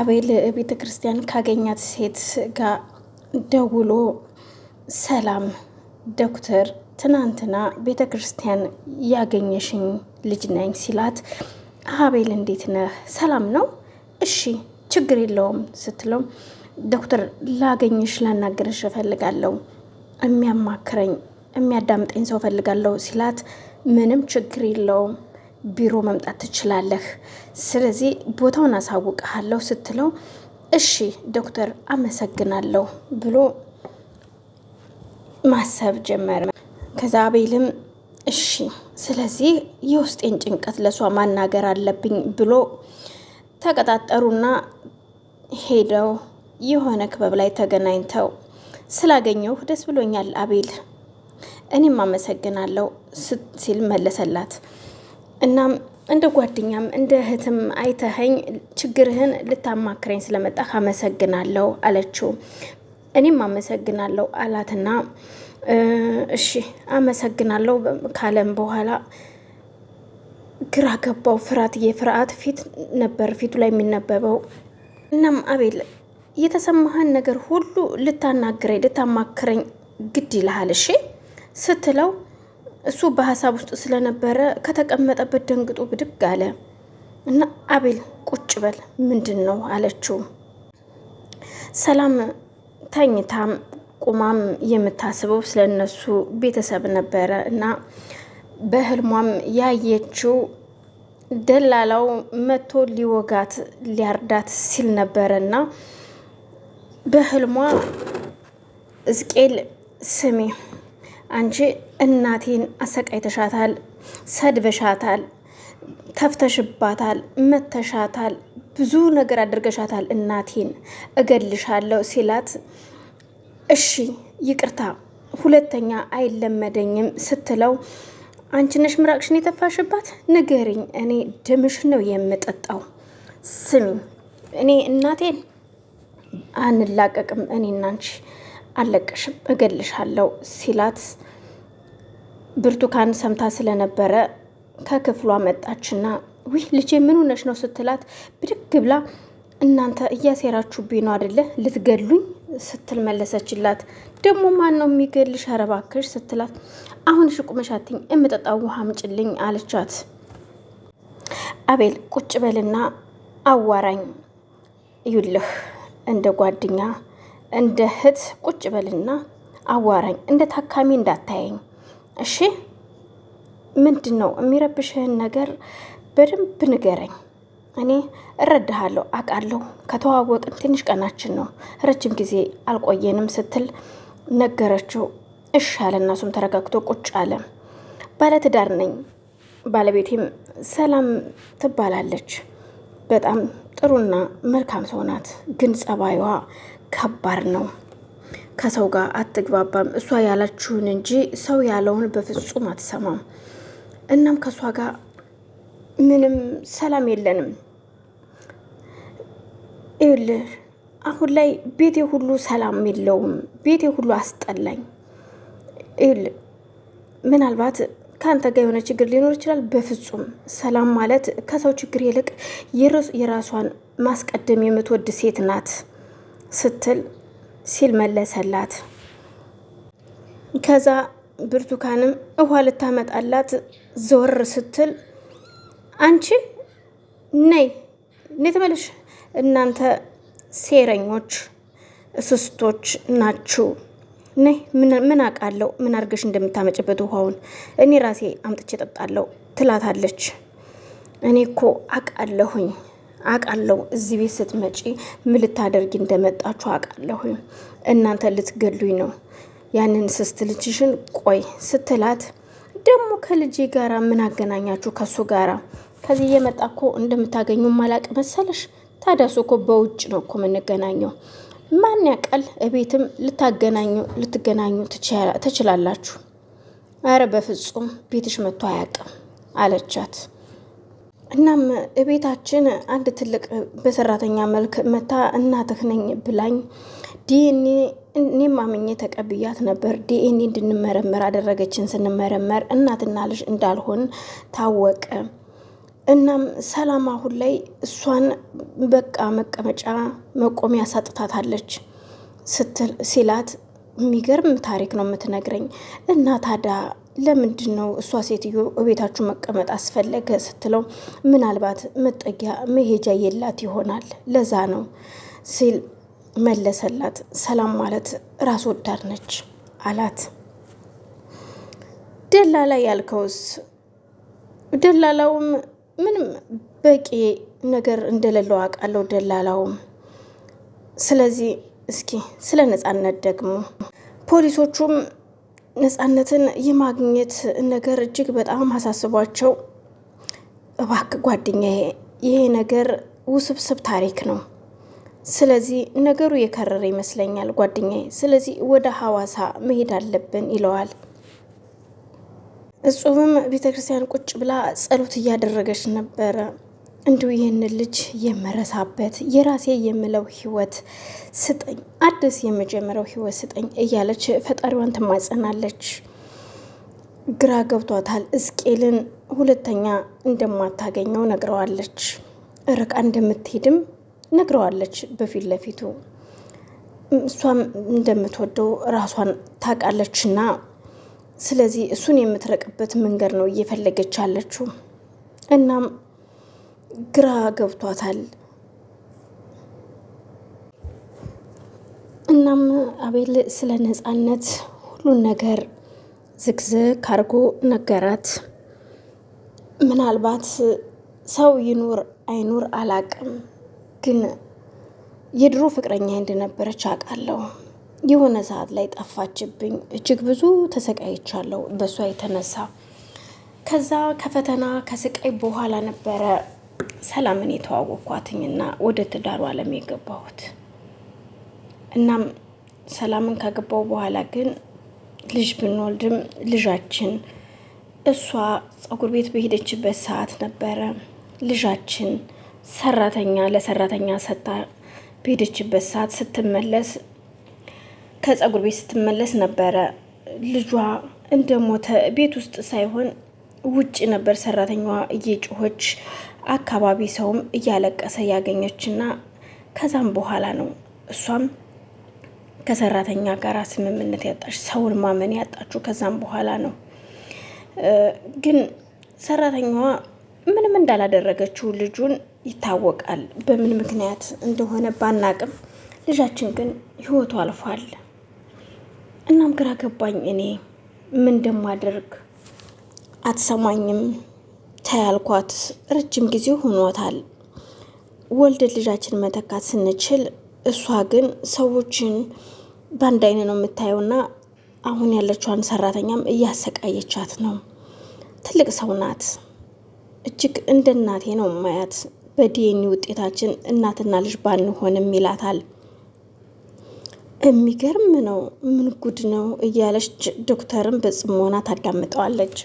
አቤል ቤተ ክርስቲያን ካገኛት ሴት ጋር ደውሎ ሰላም ዶክተር ትናንትና ቤተ ክርስቲያን ያገኘሽኝ ልጅ ነኝ ሲላት፣ አቤል እንዴት ነህ? ሰላም ነው? እሺ ችግር የለውም ስትለው፣ ዶክተር ላገኝሽ ላናገርሽ እፈልጋለሁ፣ የሚያማክረኝ የሚያዳምጠኝ ሰው እፈልጋለሁ ሲላት፣ ምንም ችግር የለውም ቢሮ መምጣት ትችላለህ፣ ስለዚህ ቦታውን አሳውቅሃለሁ ስትለው እሺ ዶክተር አመሰግናለሁ ብሎ ማሰብ ጀመረ። ከዛ አቤልም እሺ ስለዚህ የውስጤን ጭንቀት ለሷ ማናገር አለብኝ ብሎ ተቀጣጠሩና ሄደው የሆነ ክበብ ላይ ተገናኝተው ስላገኘሁ ደስ ብሎኛል አቤል፣ እኔም አመሰግናለሁ ሲል መለሰላት። እናም እንደ ጓደኛም እንደ እህትም አይተኸኝ ችግርህን ልታማክረኝ ስለመጣህ አመሰግናለሁ አለችው። እኔም አመሰግናለሁ አላትና እሺ አመሰግናለሁ ካለም በኋላ ግራ ገባው። ፍርሃት የፍርሃት ፊት ነበር ፊቱ ላይ የሚነበበው። እናም አቤል የተሰማህን ነገር ሁሉ ልታናግረኝ ልታማክረኝ ግድ ይልሃል እሺ ስትለው እሱ በሀሳብ ውስጥ ስለነበረ ከተቀመጠበት ደንግጦ ብድግ አለ እና አቤል ቁጭ በል ምንድን ነው አለችው። ሰላም ተኝታም ቁማም የምታስበው ስለነሱ ቤተሰብ ነበረ እና በህልሟም ያየችው ደላላው መቶ ሊወጋት ሊያርዳት ሲል ነበረ እና በህልሟ እዝቄል ስሜ አንቺ እናቴን አሰቃይተሻታል፣ ሰድበሻታል፣ ተፍተሽባታል፣ መተሻታል፣ ብዙ ነገር አድርገሻታል፣ እናቴን እገልሻለሁ ሲላት እሺ ይቅርታ ሁለተኛ አይለመደኝም ስትለው አንቺ ነሽ ምራቅሽን የተፋሽባት ንገሪኝ፣ እኔ ደምሽ ነው የምጠጣው። ስሚ እኔ እናቴን አንላቀቅም፣ እኔ እናንቺ አለቀሽም፣ እገልሻለሁ ሲላት ብርቱካን ሰምታ ስለነበረ ከክፍሏ መጣችና ዊህ ልጄ ምን ሆነሽ ነው ስትላት ብድግ ብላ እናንተ እያሴራችሁብኝ ነው አደለ ልትገሉኝ ስትል መለሰችላት። ደግሞ ማን ነው የሚገልሽ ኧረ እባክሽ ስትላት አሁን ሽቁመሻትኝ የምጠጣው ውሃ ምጭልኝ አለቻት። አቤል ቁጭ በልና አዋራኝ ይውልህ እንደ ጓደኛ እንደ እህት ቁጭ በልና አዋራኝ እንደ ታካሚ እንዳታየኝ እሺ ምንድን ነው የሚረብሽህን ነገር በደንብ ንገረኝ። እኔ እረዳሃለሁ፣ አውቃለሁ። ከተዋወቅን ትንሽ ቀናችን ነው፣ ረጅም ጊዜ አልቆየንም ስትል ነገረችው። እሺ አለ። እናሱም ተረጋግቶ ቁጭ አለ። ባለትዳር ነኝ፣ ባለቤቴም ሰላም ትባላለች። በጣም ጥሩና መልካም ሰው ናት፣ ግን ጸባዩዋ ከባድ ነው። ከሰው ጋር አትግባባም። እሷ ያላችሁን እንጂ ሰው ያለውን በፍጹም አትሰማም። እናም ከእሷ ጋር ምንም ሰላም የለንም። ይኸውልህ አሁን ላይ ቤቴ ሁሉ ሰላም የለውም። ቤቴ ሁሉ አስጠላኝ። ይኸውልህ ምናልባት ከአንተ ጋር የሆነ ችግር ሊኖር ይችላል። በፍጹም ሰላም ማለት ከሰው ችግር ይልቅ የራሷን ማስቀደም የምትወድ ሴት ናት ስትል ሲል መለሰላት። ከዛ ብርቱካንም ውሃ ልታመጣላት ዞር ስትል አንቺ ነይ ነይ ተመለሽ፣ እናንተ ሴረኞች እስስቶች ናችሁ። ነይ ምን አውቃለሁ ምን አድርገሽ እንደምታመጭበት ውሃውን እኔ ራሴ አምጥቼ ጠጣለሁ ትላታለች። እኔ እኮ አውቃለሁኝ አውቃለሁ እዚህ ቤት ስትመጪ ምን ልታደርጊ እንደመጣችሁ አውቃለሁ። እናንተ ልትገሉኝ ነው ያንን ስስት ልጅሽን ቆይ ስትላት ደግሞ ከልጄ ጋራ ምን አገናኛችሁ ከሱ ጋራ? ከዚህ እየመጣ እኮ እንደምታገኙ ማላቅ መሰለሽ? ታዳሱ እኮ በውጭ ነው እኮ የምንገናኘው። ማን ያውቃል? እቤትም ልታገናኙ ልትገናኙ ትችላላችሁ። አረ በፍጹም ቤትሽ መጥቶ አያውቅም አለቻት። እናም እቤታችን አንድ ትልቅ በሰራተኛ መልክ መታ እናትህ ነኝ ብላኝ ዲኤንኤ እኔም አምኜ ተቀብያት ነበር። ዲኤንኤ እንድንመረመር አደረገችን። ስንመረመር እናትና ልጅ እንዳልሆን ታወቀ። እናም ሰላም አሁን ላይ እሷን በቃ መቀመጫ መቆሚያ ሳጥታታለች ስትል ሲላት የሚገርም ታሪክ ነው የምትነግረኝ እና ታዳ ለምንድን ነው እሷ ሴትዮ እቤታችሁ መቀመጥ አስፈለገ ስትለው ምናልባት መጠጊያ መሄጃ የላት ይሆናል ለዛ ነው ሲል መለሰላት። ሰላም ማለት ራስ ወዳድ ነች አላት። ደላላ ያልከውስ? ደላላውም ምንም በቂ ነገር እንደሌለው አውቃለሁ። ደላላውም ስለዚህ እስኪ ስለ ነጻነት ደግሞ ፖሊሶቹም ነፃነትን የማግኘት ነገር እጅግ በጣም አሳስቧቸው፣ እባክ ጓደኛዬ ይሄ ነገር ውስብስብ ታሪክ ነው። ስለዚህ ነገሩ የከረረ ይመስለኛል ጓደኛዬ፣ ስለዚህ ወደ ሐዋሳ መሄድ አለብን ይለዋል። እጹብም ቤተ ክርስቲያን ቁጭ ብላ ጸሎት እያደረገች ነበረ። እንዲሁ ይህንን ልጅ የምረሳበት የራሴ የምለው ህይወት ስጠኝ፣ አዲስ የመጀመሪያው ህይወት ስጠኝ እያለች ፈጣሪዋን ትማጸናለች። ግራ ገብቷታል። እስቄልን ሁለተኛ እንደማታገኘው ነግረዋለች። ርቃ እንደምትሄድም ነግረዋለች በፊት ለፊቱ እሷም እንደምትወደው ራሷን ታውቃለችና ስለዚህ እሱን የምትረቅበት መንገድ ነው እየፈለገች ያለችው። እናም ግራ ገብቷታል። እናም አቤል ስለ ነፃነት ሁሉን ነገር ዝግዝግ አድርጎ ነገራት። ምናልባት ሰው ይኑር አይኑር አላቅም፣ ግን የድሮ ፍቅረኛ እንደነበረች አውቃለሁ። የሆነ ሰዓት ላይ ጠፋችብኝ። እጅግ ብዙ ተሰቃይቻለሁ በእሷ የተነሳ። ከዛ ከፈተና ከስቃይ በኋላ ነበረ ሰላምን የተዋወቅኳትኝና ወደ ትዳሩ አለም የገባሁት። እናም ሰላምን ካገባው በኋላ ግን ልጅ ብንወልድም ልጃችን እሷ ጸጉር ቤት በሄደችበት ሰዓት ነበረ። ልጃችን ሰራተኛ ለሰራተኛ ሰታ በሄደችበት ሰዓት ስትመለስ ከጸጉር ቤት ስትመለስ ነበረ ልጇ እንደሞተ ቤት ውስጥ ሳይሆን ውጭ ነበር ሰራተኛዋ እየጮኸች አካባቢ ሰውም እያለቀሰ ያገኘችና ከዛም በኋላ ነው እሷም ከሰራተኛ ጋር ስምምነት ያጣች ሰውን ማመን ያጣችሁ ከዛም በኋላ ነው። ግን ሰራተኛዋ ምንም እንዳላደረገችው ልጁን ይታወቃል። በምን ምክንያት እንደሆነ ባናቅም ልጃችን ግን ህይወቱ አልፏል። እናም ግራ ገባኝ እኔ ምን እንደማደርግ አትሰማኝም ተያልኳት ረጅም ጊዜ ሆኖታል። ወልደን ልጃችን መተካት ስንችል እሷ ግን ሰዎችን በአንድ አይን ነው የምታየውና አሁን ያለችዋን ሰራተኛም እያሰቃየቻት ነው። ትልቅ ሰው ናት። እጅግ እንደ እናቴ ነው ማያት። በዲኤኒ ውጤታችን እናትና ልጅ ባንሆንም ይላታል። የሚገርም ነው፣ ምን ጉድ ነው እያለች ዶክተርን በጽሞና ታዳምጠዋለች።